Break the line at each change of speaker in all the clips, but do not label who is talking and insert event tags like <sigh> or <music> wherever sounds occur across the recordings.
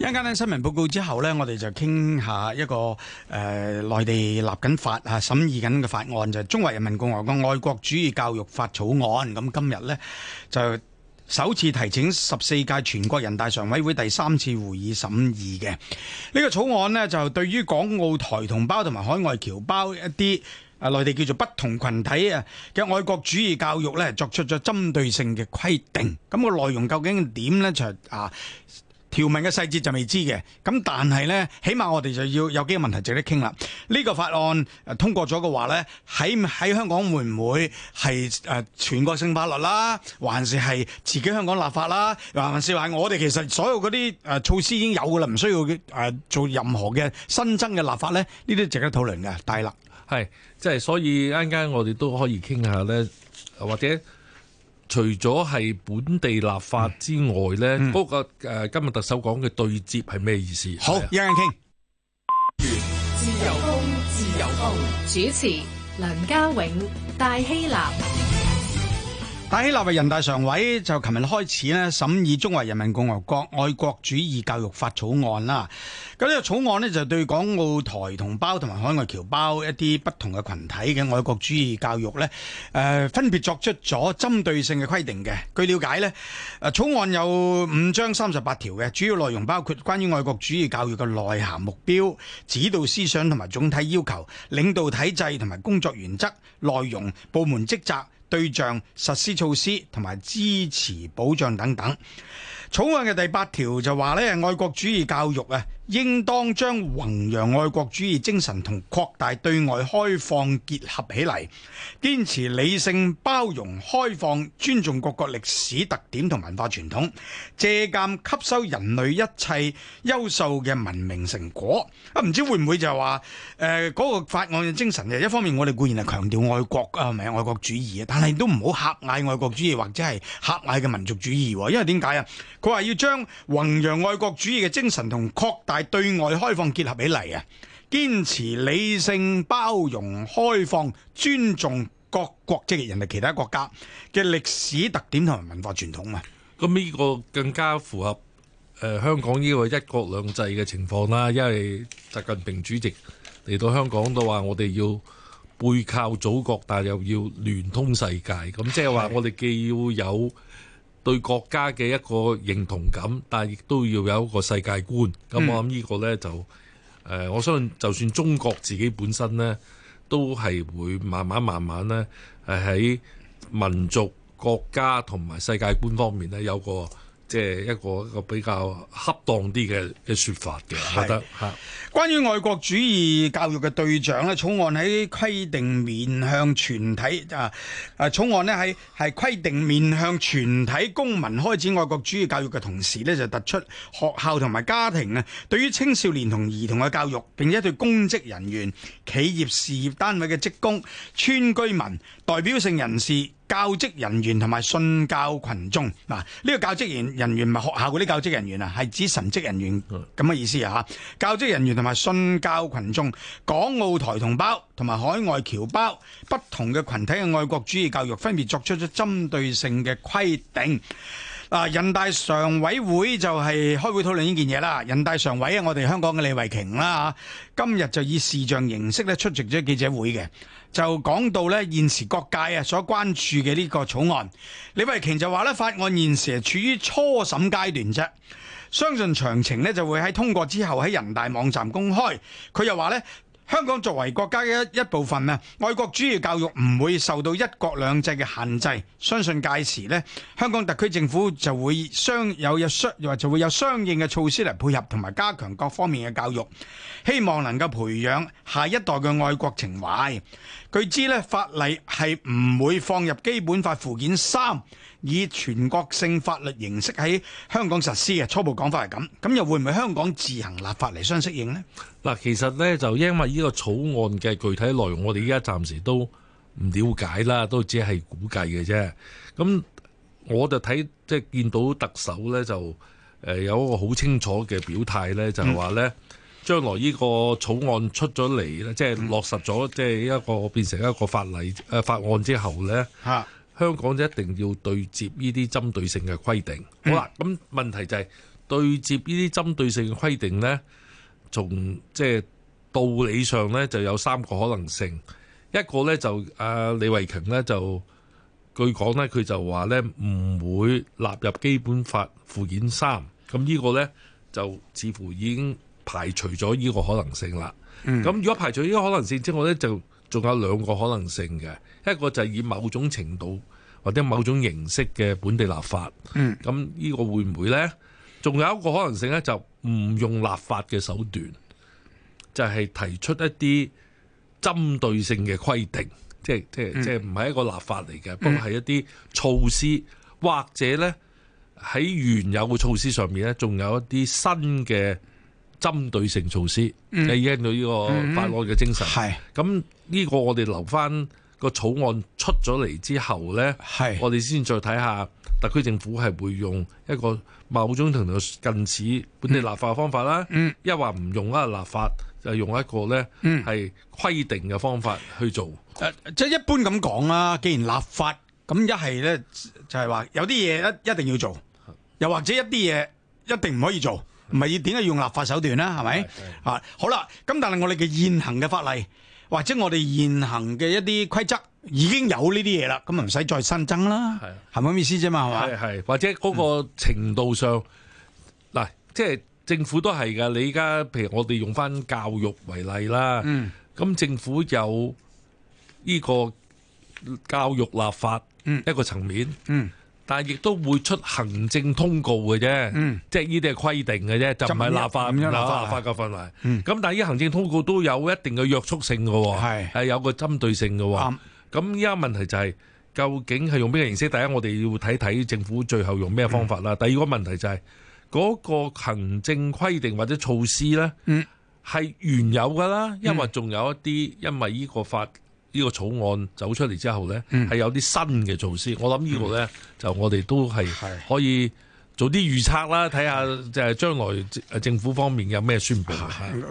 一陣間咧新聞報告之後咧，我哋就傾下一個誒內地立緊法啊，審議緊嘅法案就係中華人民共和國愛國主義教育法草案。咁今日咧就首次提請十四屆全國人大常委會第三次會議審議嘅呢個草案咧，就對於港澳台同胞同埋海外僑胞一啲誒內地叫做不同群體啊嘅愛國主義教育咧，作出咗針對性嘅規定。咁個內容究竟點咧？就啊～條文嘅細節就未知嘅，咁但係咧，起碼我哋就要有幾個問題值得傾啦。呢個法案通過咗嘅話咧，喺喺香港會唔會係誒全國性法律啦，還是係自己香港立法啦？還是話我哋其實所有嗰啲誒措施已經有啦，唔需要誒做任何嘅新增嘅立法咧？呢啲值得討論嘅，大啦。
係，即係所以一陣間我哋都可以傾下咧，或者。除咗係本地立法之外咧，嗰個誒今日特首講嘅對接係咩意思？好，一陣間傾。
自由風自由風。主持梁家永、戴希立。
大臘為人大常委就琴日開始呢審議《中華人民共和國愛國主義教育法》草案啦。咁呢個草案呢，就對港澳台同胞同埋海外僑胞一啲不同嘅群體嘅愛國主義教育呢、呃，誒分別作出咗針對性嘅規定嘅。據了解呢，誒草案有五章三十八條嘅，主要內容包括關於愛國主義教育嘅內涵、目標、指導思想同埋總體要求、領導體制同埋工作原則、內容、部門職責。對象、實施措施同埋支持保障等等。草案嘅第八條就話咧，愛國主義教育啊，應當將弘揚愛國主義精神同擴大對外開放結合起嚟，堅持理性、包容、開放，尊重各國歷史特點同文化傳統，借鑒、吸收人類一切優秀嘅文明成果。啊，唔知會唔會就係話誒、呃嗰個法案嘅精神？嘅一方面，我哋固然係強調愛國啊，唔係愛國主義啊，但係都唔好狹隘愛國主義或者係狹隘嘅民族主義。因為點解啊？佢話要將弘揚愛國主義嘅精神同擴大。係對外開放結合起嚟啊！堅持理性、包容、開放、尊重各國，
即人哋其他國家嘅歷史特點同埋文化傳統嘛。咁呢個更加符合誒香港呢個一國兩制嘅情況啦。因為習近平主席嚟到香港都話，我哋要背靠祖國，但係又要聯通世界。咁即係話我哋既要有。對國家嘅一個認同感，但係亦都要有一個世界觀。咁我諗呢個呢，就，誒、嗯呃，我相信就算中國自己本身呢，都係會慢慢慢慢呢，喺民族國家同埋世界觀方面呢，有個。即係一個一個比較恰當啲嘅嘅説法嘅，係得。嚇，
關於愛國主義教育嘅對象咧，草案喺規定面向全體啊，誒、呃，草案咧喺係規定面向全體公民開展愛國主義教育嘅同時咧，就突出學校同埋家庭啊，對於青少年同兒童嘅教育，並且對公職人員、企業事業單位嘅職工、村居民、代表性人士。教職人員同埋信教群眾，嗱、這、呢個教職員人員唔係學校嗰啲教職人員啊，係指神職人員咁嘅意思啊嚇。教職人員同埋信教群眾，港澳台同胞同埋海外僑胞，不同嘅群體嘅愛國主義教育，分別作出咗針對性嘅規定。啊！人大常委會就係開會討論呢件嘢啦。人大常委啊，我哋香港嘅李慧瓊啦，今日就以視像形式咧出席咗記者會嘅，就講到咧現時各界啊所關注嘅呢個草案。李慧瓊就話咧，法案現時係處於初審階段啫，相信詳情呢就會喺通過之後喺人大網站公開。佢又話呢香港作為國家嘅一一部分呢，愛國主義教育唔會受到一國兩制嘅限制。相信屆時呢，香港特區政府就會相有有相或就會有相應嘅措施嚟配合同埋加強各方面嘅教育，希望能夠培養下一代嘅愛國情懷。據知呢，法例係唔會放入基本法附件三。以全國性法律形式喺香
港實施嘅初步講法係咁，咁又會唔會香港自行立法嚟相適應呢？嗱，其實呢，就因為呢個草案嘅具體內容，我哋依家暫時都唔了解啦，都只係估計嘅啫。咁我就睇即係見到特首呢，就誒有一個好清楚嘅表態呢，就係話呢，嗯，將來呢個草案出咗嚟呢，即係落實咗，即係一個變成一個法例誒法案之後呢。嚇、啊。香港就一定要對接呢啲針對性嘅規定。好啦，咁問題就係、是、對接呢啲針對性嘅規定咧，從即係道理上咧就有三個可能性。一個咧就阿李慧瓊咧就據講咧佢就話咧唔會納入基本法附件三。咁呢個咧就似乎已經排除咗呢個可能性啦。咁如果排除呢個可能性之外咧，就仲有兩個可能性嘅。一個就係以某種程度。或者某種形式嘅本地立法，咁呢、嗯、個會唔會呢？仲有一個可能性呢就唔用立法嘅手段，就係、是、提出一啲針對性嘅規定，即係即係即係唔係一個立法嚟嘅，嗯、不過係一啲措施，嗯、或者呢，喺原有嘅措施上面呢仲有一啲新嘅針對性措施，係應到呢個法案嘅精神。係咁呢個，我哋留翻。個草案出咗嚟之後咧，是我哋先再睇下特區政府係會用一個某種程度近似本地立法嘅方法啦。嗯嗯、一話唔用啊立法，就用一個咧係規定嘅方法去做。誒、嗯，即、呃、
係、就是、一般咁講啦，既然立法，咁一係咧就係話有啲嘢一一定要做，又或者一啲嘢一定唔可以做，唔係要點解用立法手段咧？係咪啊？好啦，咁但係我哋嘅現行嘅法例。或者我哋現行嘅一啲規則已經有呢啲嘢啦，咁唔使再新增啦，係
咪咁意思啫嘛？係嘛？係，或者嗰個程度上，嗱、嗯，即係政府都係噶。你而家譬如我哋用翻教育為例啦，咁、嗯、政府有呢個教育立法一個層面。嗯嗯但係亦都會出行政通告嘅啫，嗯、即係呢啲係規定嘅啫，就唔係立法立法嘅範圍。咁但係呢行政通告都有一定嘅約束性嘅喎、哦，係的有一個針對性嘅喎、哦。咁依家問題就係、是、究竟係用邊個形式？第一，我哋要睇睇政府最後用咩方法啦。嗯、第二個問題就係、是、嗰、那個行政規定或者措施咧，係、嗯、原有嘅啦，些因為仲有一啲，因為依個法。呢個草案走出嚟之後咧，係、嗯、有啲新嘅措施。我諗呢個咧，嗯、就我哋都係可以。做啲預測啦，睇下就係將來政府方面有咩宣佈。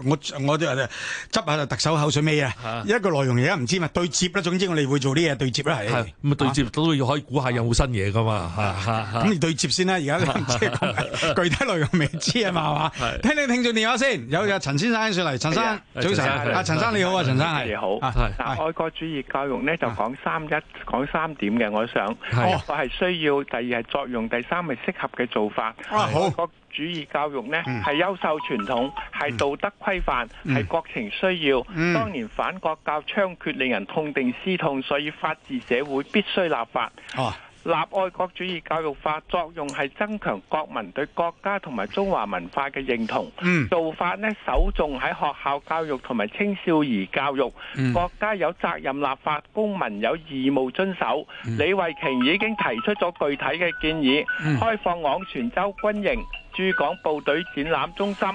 我我哋
執下特首口水尾啊！一個內容而家唔知嘛，對接啦。總之我哋會做啲嘢對接啦。係咁啊，對接
都要可以估下有冇新嘢噶嘛。咁你對接先啦。而家
具體內容未知吖嘛。聽你聽住電話先。有有陳先生上嚟。陳生
早晨啊，陳生你好啊，陳生你好。啊，愛國主義教育呢，就講三一講三點嘅，我想，我第一係需要，第二係作用，第三係適合嘅。做法，啊、好愛國主義教育呢係優、嗯、秀傳統，係道德規範，係、嗯、國情需要。嗯、當年反國教猖獗，令人痛定思痛，所以法治社會必須立法。啊立愛國主義教育法作用係增強國民對國家同埋中華文化嘅認同。嗯，做法呢，首重喺學校教育同埋青少年教育。國、嗯、國家有責任立法，公民有義務遵守。嗯、李慧瓊已經提出咗具體嘅建議，嗯、開放昂船洲軍營駐港部隊展覽中心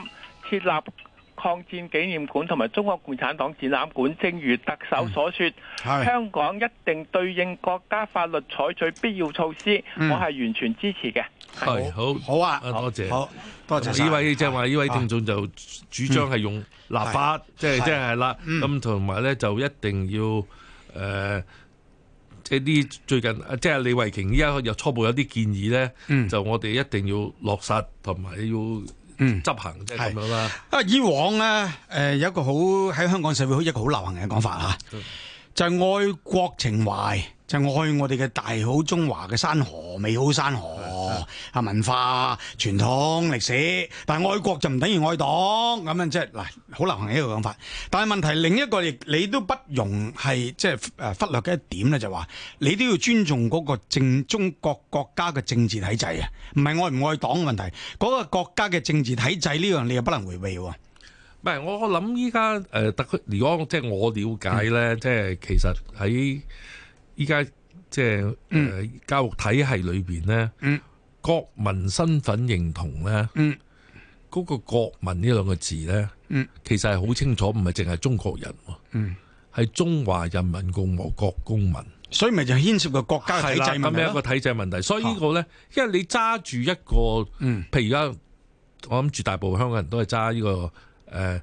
設立。抗戰紀念館同埋中國共產黨展覽館，正如特首所說，香港一定對應國家法律採取必要措施，我係完全支持嘅。係
好，好啊，多謝，好多謝。呢位即係話，呢位聽眾就主張係用立法，即係即係啦。咁同埋咧，就一定要誒，即係啲最近，即係李慧瓊依家有初步有啲建議咧，就我哋一定要落實同埋要。就是、嗯，執行即係咁
樣啦。啊，以往咧，誒有一個好喺香港社會好一個好流行嘅講法嚇，嗯、就係愛國情懷，就是、愛我哋嘅大好中華嘅山河，美好山河。啊，文化傳統歷史，但係愛國就唔等於愛黨咁樣、就是，即係嗱，好流行呢個講法。但係問題另一個，你，你都不容係即係誒忽略嘅一點咧、就是，就話你都要尊重嗰個正中國國家嘅政治體制啊，唔係愛唔愛黨嘅問題，嗰、那個國家嘅政治體制呢樣你又不能回避喎、啊。唔
係，我諗依家誒，特、呃、如果即係我了解咧、嗯，即係其實喺依家即係誒教育體系裏邊咧。嗯國民身份認同呢，嗯，嗰個國民呢兩個字呢，嗯，其實係好清楚，唔係淨係中國人，啊，嗯，係中華人民共和國公民，所以咪就係牽涉個國家體制咁樣，啊啊，一個體制問題，所以呢個呢，啊，因為你揸住一個，嗯，譬如而家我諗住大部分香港人都係揸呢個，誒，呃，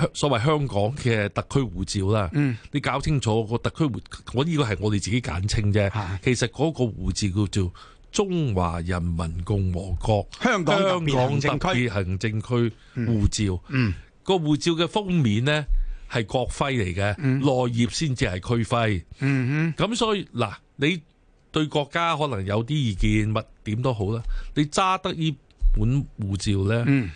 香所謂香港嘅特區護照啦，嗯，你搞清楚個特區護，這個，是我呢個係我哋自己簡稱啫，的其實嗰個護照叫做。中華人民共和國香港特別行政區護照，個護、嗯嗯、照嘅封面咧係國徽嚟嘅，內頁先至係區徽。嗯咁所以嗱，你對國家可能有啲意見，乜點都好啦。你揸得呢本護照咧，嗯、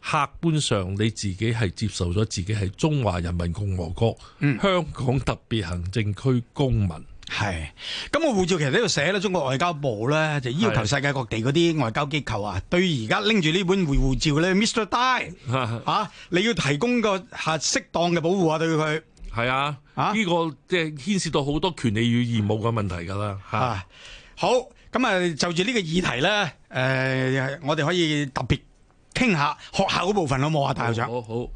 客觀上你自己係接受咗自己係中華人民共和國、嗯、香港特別行政區公民。係，
咁、那個護照其實呢度寫咧，中國外交部咧就是、要求世界各地嗰啲外交機構啊，對而家拎住呢本回護照咧，Mr. Dai 吓、 <laughs> 啊，你要提供一個吓適當嘅保護啊，護對佢係啊，呢、啊、個即係牽涉到好多權利與義務嘅問題噶啦。吓、啊，好，咁啊就住呢個議題咧，誒、呃，我哋可以特別傾下學校嗰部分好冇啊，校長？好好好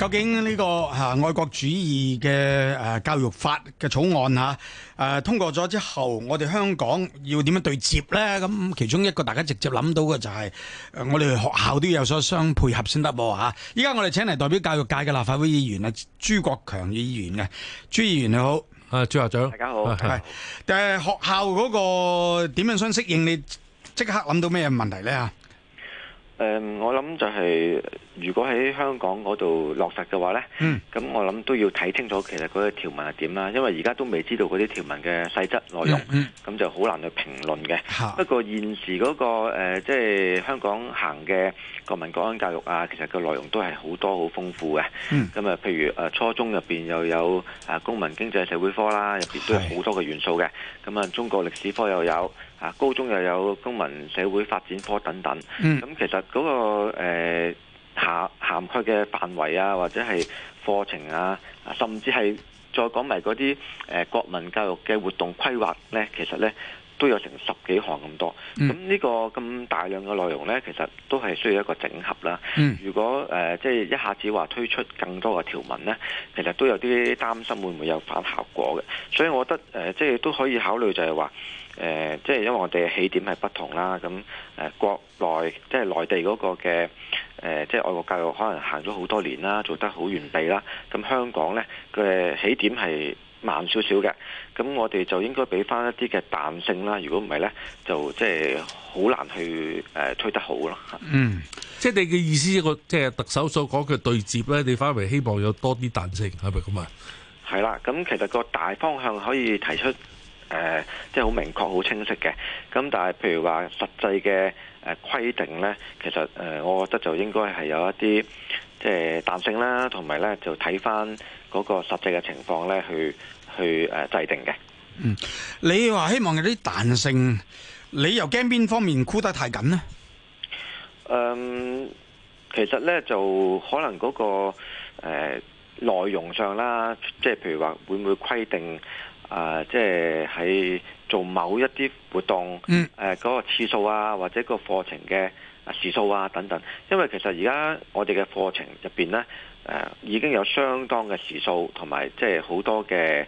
究竟呢、這個吓、啊、愛國主義嘅誒、啊、教育法嘅草案吓誒、啊啊、通過咗之後，我哋香港要點樣對接咧？咁其中一個大家直接諗到嘅就係、是啊、我哋學校都要有所相配合先得喎吓。依、啊、家我哋請嚟代表教育界嘅立法會議員啊，朱國強議員嘅朱
議員你好，啊朱校長，大
家好，係誒、啊、學校嗰個點樣相適應，你即刻諗到咩問題咧？
誒、嗯，我諗就係、是、如果喺香港嗰度落實嘅話呢，咁、嗯、我諗都要睇清楚其實嗰個條文係點啦，因為而家都未知道嗰啲條文嘅細則內容，咁、嗯嗯、就好難去評論嘅。啊、不過現時嗰、那個即係、呃就是、香港行嘅國民國安教育啊，其實個內容都係好多好豐富嘅。咁啊、嗯，譬如初中入面又有公民經濟社會科啦，入面都有好多嘅元素嘅。咁啊是，中國歷史科又有。啊，高中又有公民社會發展科等等，咁其實嗰、嗰個誒、呃、涵涵蓋嘅範圍啊，或者係課程啊，甚至係再講埋嗰啲誒國民教育嘅活動規劃咧，其實咧。都有成十幾項咁多，咁呢個咁大量嘅內容呢，其實都係需要一個整合啦。如果誒、呃、即係一下子話推出更多嘅條文呢，其實都有啲擔心會唔會有反效果嘅。所以我覺得誒、呃、即係都可以考慮就係話誒，即係因為我哋起點係不同啦，咁誒國內即係內地嗰個嘅誒、呃、即係愛國教育可能行咗好多年啦，做得好完備啦，咁香港呢，佢嘅起點係慢少少嘅，咁我哋就應該俾翻一啲嘅彈性啦。如果唔係呢，就即係好難去誒、呃、推得好咯。嗯，
即係你嘅意思是，個即係特首所講嘅對接呢，你反而希望有多啲彈性，係咪咁啊？
係啦，咁其實個大方向可以提出。誒、呃，即係好明確、好清晰嘅。咁但係，譬如話實際嘅誒、呃、規定呢，其實誒、呃，我覺得就應該係有一啲即係彈性啦，同埋呢就睇返嗰個實際嘅情況呢去去誒、呃、制定嘅、嗯。
你話希望有啲彈性，你又驚邊方面箍得太緊呢？
嗯、呃，其實呢，就可能嗰、那個誒、呃、內容上啦，即係譬如話會唔會規定？啊、呃，即係喺做某一啲活動，嗰、呃嗰個次數啊，或者個課程嘅時數啊等等，因為其實而家我哋嘅課程入邊呢，誒、呃，已經有相當嘅時數同埋，即係好多嘅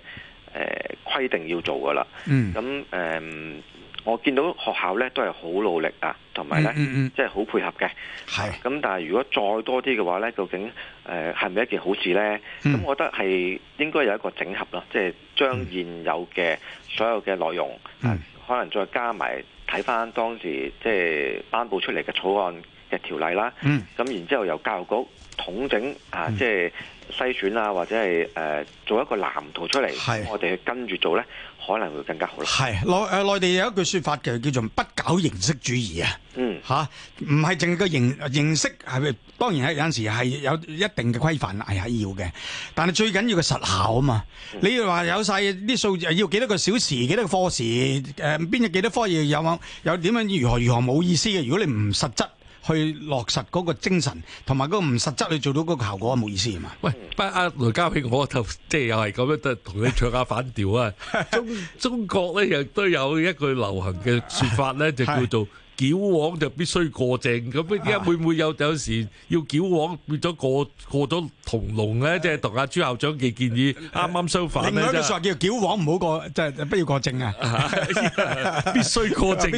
誒規定要做噶啦。
嗯，咁、
呃、誒。我見到學校咧都係好努力啊，同埋咧即係好配合嘅。係咁，但係如果再多啲嘅話咧，究竟誒係咪一件好事咧？咁、嗯、我覺得係應該有一個整合囉，即係將現有嘅所有嘅內容、嗯啊，可能再加埋睇翻當時即係頒布出嚟嘅草案嘅條例啦。咁、嗯啊、然之後由教育局統整啊，嗯、即係篩選啊，或者係誒、呃、做一個藍圖出嚟的、啊，我哋去跟住做咧。可能會更
加好啦。係內誒、呃、內地有一句説法嘅，叫做不搞形式主義、嗯、啊。嗯，嚇唔係淨係個形形式係咪？當然有有陣時係有一定嘅規範係、哎、要嘅，但係最緊要嘅實效啊嘛。嗯、你有有要話有晒啲數字要幾多個小時、幾多個課時？誒、呃、邊有幾多科嘢有冇？有點樣如何如何冇意思嘅？如果你唔實質。去落實嗰個精神，同埋嗰個唔實質去做到嗰個效果，冇意思啊嘛！
喂，不阿，啊，雷家平我就即係又係咁樣，就同你唱下反調啊！ <laughs> 中中國咧亦都有一句流行嘅說法咧，就叫做。矯枉就必須過正，咁啊，點解會唔會有有時要矯枉變咗過過咗同籠咧？即係同阿朱校長嘅建議啱啱、呃、相反你就。另外一句說話
叫矯枉唔好過，即、就、係、是、不要過正啊！
<laughs> <laughs> 必須過正。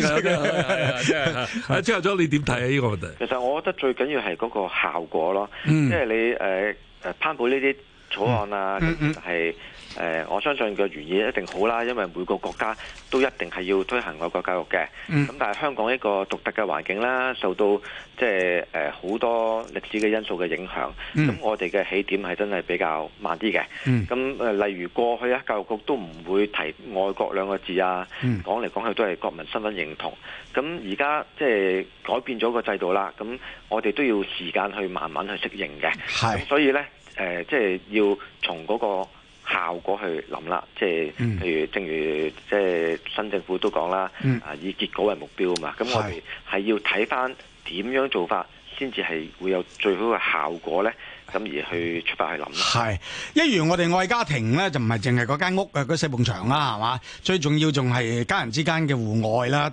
朱校長你點睇呢個問題？
其實我覺得最緊要係嗰個效果咯，即係、嗯、你誒誒、呃，攀估呢啲。草案啦、啊，就係、嗯嗯呃、我相信嘅原意一定好啦，因為每個國家都一定係要推行愛國教育嘅。咁、嗯、但係香港一個獨特嘅環境啦，受到即係誒好多歷史嘅因素嘅影響。咁、嗯、我哋嘅起點係真係比較慢啲嘅。咁誒、嗯呃，例如過去啊，教育局都唔會提愛國兩個字啊，嗯、講嚟講去都係國民身份認同。咁而家即係改變咗個制度啦，咁我哋都要時間去慢慢去適應嘅。係是，所以呢。誒、呃，即係要從嗰個效果去諗啦，即係，譬如正如即係新政府都講啦，啊、嗯、以結果為目標啊嘛，咁我哋係要睇翻點樣做法，先至係會有最好嘅效果咧，咁而去出發去諗啦。係，
一如我哋愛家庭咧，就唔係淨係嗰間屋嘅嗰四埲牆啦，係嘛，最重要仲係家人之間嘅戶外啦。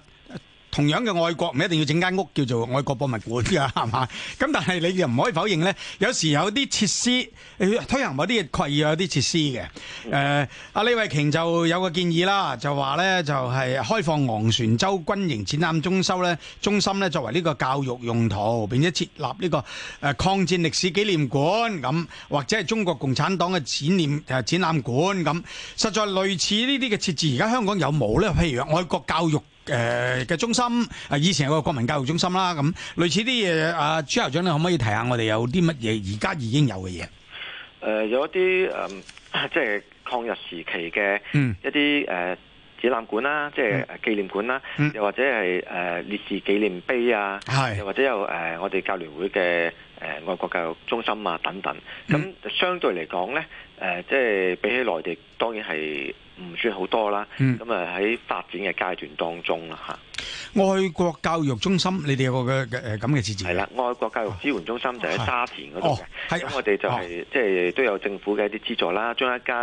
同樣嘅愛國唔一定要整間屋叫做愛國博物館㗎，係嘛？咁但係你又唔可以否認呢？有時有啲設施推行某啲嘅規劃，有啲設施嘅。誒、呃，阿李慧瓊就有個建議啦，就話呢就係、是、開放昂船洲軍營展覽中心呢。中心呢作為呢個教育用途，並且設立呢個抗戰歷史紀念館咁，或者係中國共產黨嘅展覽誒、呃、展覽館咁，實在類似呢啲嘅設置，而家香港有冇呢？譬如愛國教育？誒嘅、呃、中心，啊，以前有個國民教育中心啦，咁類似啲嘢，阿、啊、朱校長，你可唔可以提下我哋有啲乜嘢而家已經有嘅嘢？
誒、呃，有一啲誒，即、呃、係、就是、抗日時期嘅一啲誒展覽館啦，即係紀念館啦、啊，又、嗯、或者係誒、呃、烈士紀念碑啊，又是或者有誒、呃、我哋教聯會嘅誒、呃、外國教育中心啊等等。咁相對嚟講咧，誒、呃，即、就、係、是、比起內地，當然係。唔算好多啦，咁啊喺發展嘅階段當中啦、嗯、
外國教育中心，你哋有個嘅咁嘅設置。係
啦，外國教育支援中心就喺沙田嗰度嘅，咁、哦、我哋就係即係都有政府嘅一啲資助啦，將一間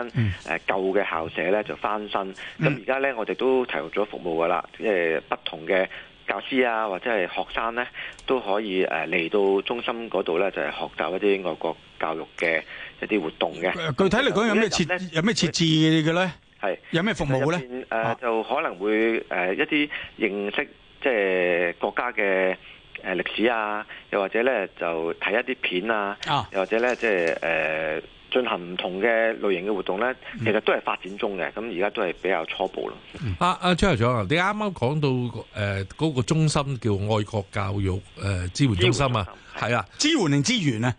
舊嘅校舍咧就翻新，咁而家咧我哋都提供咗服務噶啦，即係、嗯、不同嘅教師啊或者係學生咧都可以嚟到中心嗰度咧就係學習一啲外國教育嘅一啲活動嘅。
具體嚟講有咩設有咩設置嘅咧？它有係是有咩服務咧？誒、呃，
就可能會誒、呃、一啲認識即係國家嘅誒歷史啊，又或者咧就睇一啲片啊，啊又或者咧即係誒進行唔同嘅類型嘅活動咧，其實都係發展中嘅。咁而家都係比較初步咯。
阿阿朱校長，你啱啱講到誒嗰、呃那個中心叫愛國教育誒、呃、支援中心啊，係啊，支援定支援啊？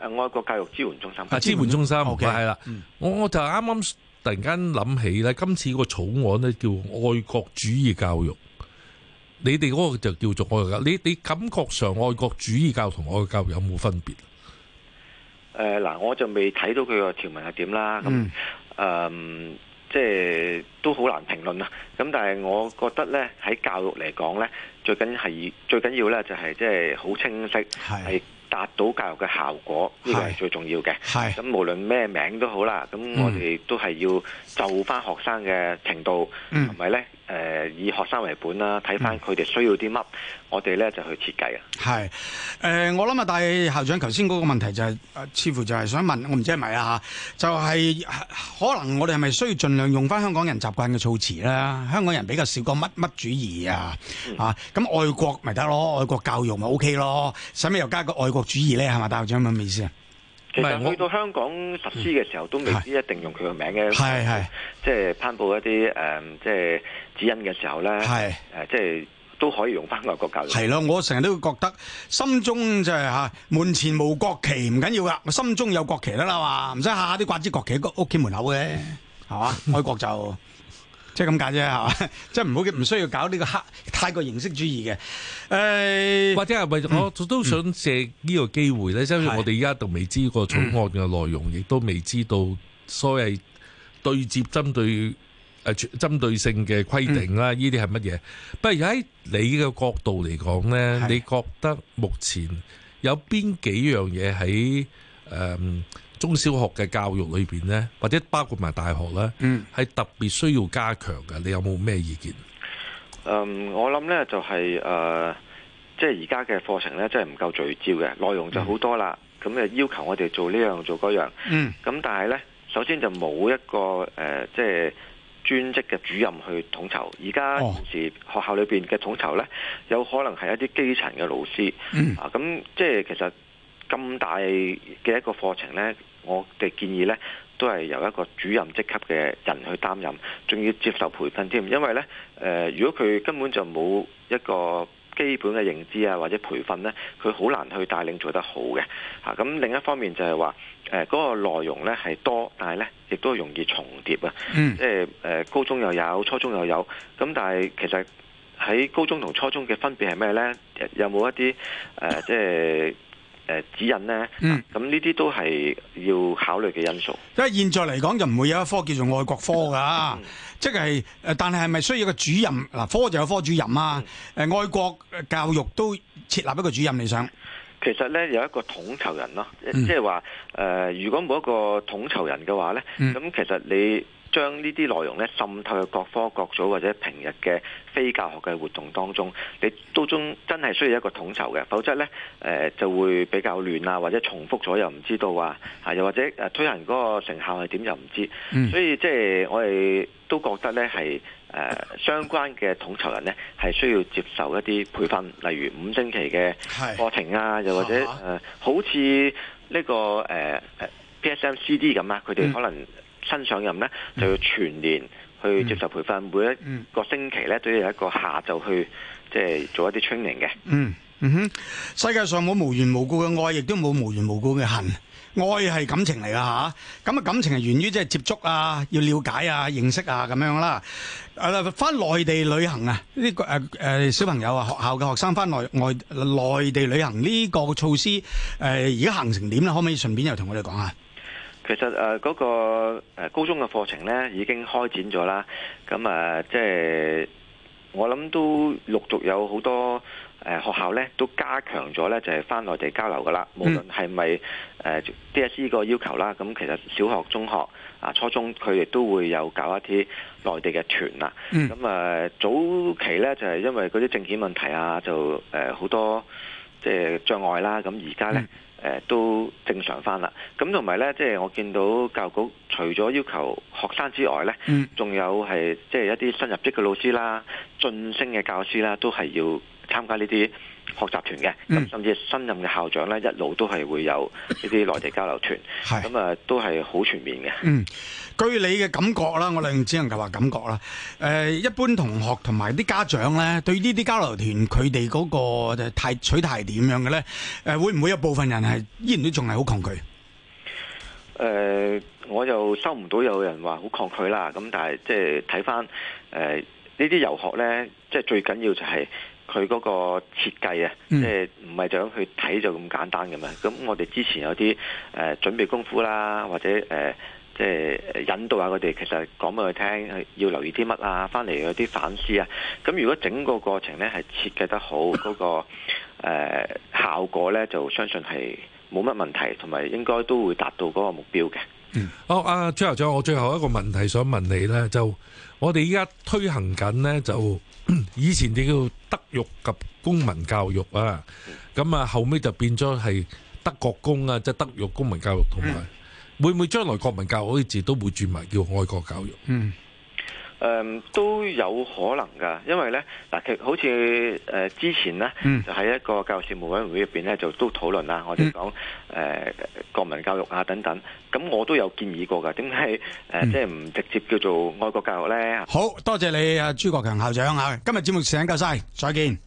誒，愛國教育支援中心。啊，啊，啊，支援中心，OK，係啦。
我我就啱啱。突然間諗起咧，今次個草案咧叫愛國主義教育，你哋嗰個就叫做愛國教。你你感覺上愛國主義教育同愛國教育有冇分別？
誒，嗱，我就未睇到佢個條文係點啦。咁誒，即係都好難評論啦。咁但係我覺得咧，喺教育嚟講咧，最緊係最緊要咧就係即係好清晰係。達到教育嘅效果，呢個係最重要嘅。咁係無論咩名都好啦，咁我哋都係要就翻學生嘅程度，同埋咧。誒以學生為本啦，睇翻佢哋需要啲乜，我哋咧就去設計啊。
係誒、呃，我諗啊，大校長頭先嗰個問題就係、是，似乎就係想問我唔知係咪啊？就係、是、可能我哋係咪需要盡量用翻香港人習慣嘅措辭咧？香港人比較少講乜乜主義啊、嗯、啊！咁愛國咪得咯，愛國教育咪 OK 咯，使咪又加個愛國主義咧？係咪大校長咁嘅意思啊？
其實去到香港實施嘅時候，都未必一定用佢個名嘅、嗯嗯，即係頒佈一啲誒，即係指引嘅時候咧，誒是，即係都可以用翻外國教育。育。
係咯，我成日都會覺得心中就係、是、吓、啊、門前無國旗唔緊要噶，心中有國旗啦嘛，唔使下下都掛支國旗個屋企門口嘅，係嘛、嗯，愛國就。 <laughs> 即係咁解啫係嘛，即係唔好唔需要搞呢個黑太過形式主義嘅，
誒或者係為我都想借呢個機會咧，即係我哋而家都未知個草案嘅內容，亦都未知道所謂對接針對誒針對性嘅規定啦，呢啲係乜嘢？不如喺你嘅角度嚟講咧，你覺得目前有邊幾樣嘢喺誒？中小學嘅教育裏邊呢，或者包括埋大學呢，係、嗯、特別需要加強嘅。你有冇咩意見？
嗯，我諗呢就係、是、誒，即係而家嘅課程呢，真係唔夠聚焦嘅，內容就好多啦。咁嘅、嗯、要求我哋做呢樣做嗰樣。嗯。咁但係呢，首先就冇一個誒，即、呃、係、就是、專職嘅主任去統籌。而家時學校裏邊嘅統籌呢，哦、有可能係一啲基層嘅老師。嗯。啊，咁即係其實咁大嘅一個課程呢。我哋建議呢都係由一個主任職級嘅人去擔任，仲要接受培訓添。因為呢，誒、呃，如果佢根本就冇一個基本嘅認知啊，或者培訓呢，佢好難去帶領做得好嘅。嚇、啊，咁另一方面就係話，誒、呃，嗰、那個內容呢係多，但係呢亦都容易重疊啊。嗯、即係、呃、高中又有，初中又有，咁但係其實喺高中同初中嘅分別係咩呢？有冇一啲、呃、即係？誒，指引咧，咁呢啲都係要考慮嘅因素。
因為、嗯、現在嚟講，就唔會有一科叫做愛國科噶，嗯、即係誒，但係係咪需要個主任？嗱，科就有科主任啊。誒、嗯，愛國教育都設立一個主任你想，
其實咧有一個統籌人咯，即係話誒，如果冇一個統籌人嘅話咧，咁其實你。將呢啲內容咧滲透去各科各組或者平日嘅非教學嘅活動當中，你都中真係需要一個統籌嘅，否則咧、呃、就會比較亂啊，或者重複咗又唔知道啊，又或者推行嗰個成效係點又唔知，所以即係、就是、我哋都覺得咧係、呃、相關嘅統籌人咧係需要接受一啲培訓，例如五星期嘅課程啊，是又或者、呃、好似呢、這個 PSMCD 咁啊，佢、呃、哋可能、嗯。新上任咧就要全年去接受培訓，每一個星期咧都要有一個下晝去即係做一啲 training 嘅。嗯
嗯哼，世界上冇無緣無故嘅愛，亦都冇無緣無故嘅恨。愛係感情嚟㗎吓，咁啊感情係源於即係接觸啊，要了解啊，認識啊咁樣啦。誒、啊，返內地旅行啊，呢、這個誒誒、呃、小朋友啊，學校嘅學生返內外內地旅行呢個措施誒，而、呃、家行成點啦？可唔可以順便又同我哋講下？
其實誒，嗰個誒高中嘅課程咧已經開展咗啦，咁啊，即係我諗都陸續有好多誒學校咧都加強咗咧，就係翻內地交流噶啦，嗯無論係咪誒 DSE 個要求啦，咁其實小學、中學啊、初中，佢亦都會有搞一啲內地嘅團啦。咁啊，早期咧就係因為嗰啲政見問題啊，就誒好多即係障礙啦。咁而家咧，嗯誒都正常翻啦，咁同埋咧，即係我見到教育局除咗要求學生之外咧，嗯，仲有係即係一啲新入職嘅老師啦、晉升嘅教師啦，都係要參加呢啲。學習團嘅咁甚至新任嘅校長咧，一路都係會有呢啲內地交流團，咁啊 <laughs> 是都係好全面嘅。嗯，據你嘅
感覺啦，我哋只能夠話感覺啦。誒，一般同學同埋啲家長咧，對呢啲交流團，佢哋嗰個太取態係點樣嘅咧？誒，會唔會有部分人係依然都仲係好抗拒？誒、
呃，我就收唔到有人話好抗拒啦。咁但係即係睇翻誒呢啲遊學咧，即、就、係、是、最緊要就係。佢嗰個設計啊，即係唔係就咁去睇就咁簡單嘅嘛？咁我哋之前有啲誒、呃、準備功夫啦，或者誒即係引導下佢哋，其實講俾佢聽，要留意啲乜啊，翻嚟有啲反思啊。咁如果整個過程呢係設計得好，嗰個誒、呃、效果呢就相信係冇乜問題，同埋應該都會達到嗰個目標嘅。
好，阿朱校長，我最後一個問題想問你呢，就我哋依家推行緊呢，就以前叫德育及公民教育啊，咁啊後尾就變咗係德國公啊，即係德育公民教育，同埋會唔會將來國民教育好似字都會轉埋叫愛國教育？嗯
誒、嗯、都有可能㗎，因為咧嗱，其好似誒之前咧、嗯、就喺一個教育事務委員會入邊咧就都討論啦，我哋講誒國民教育啊等等，咁我都有建議過㗎，點解誒即係唔直接叫做愛國教育咧？好
多謝你啊，朱國強校長啊，今日節目時間夠晒，再見。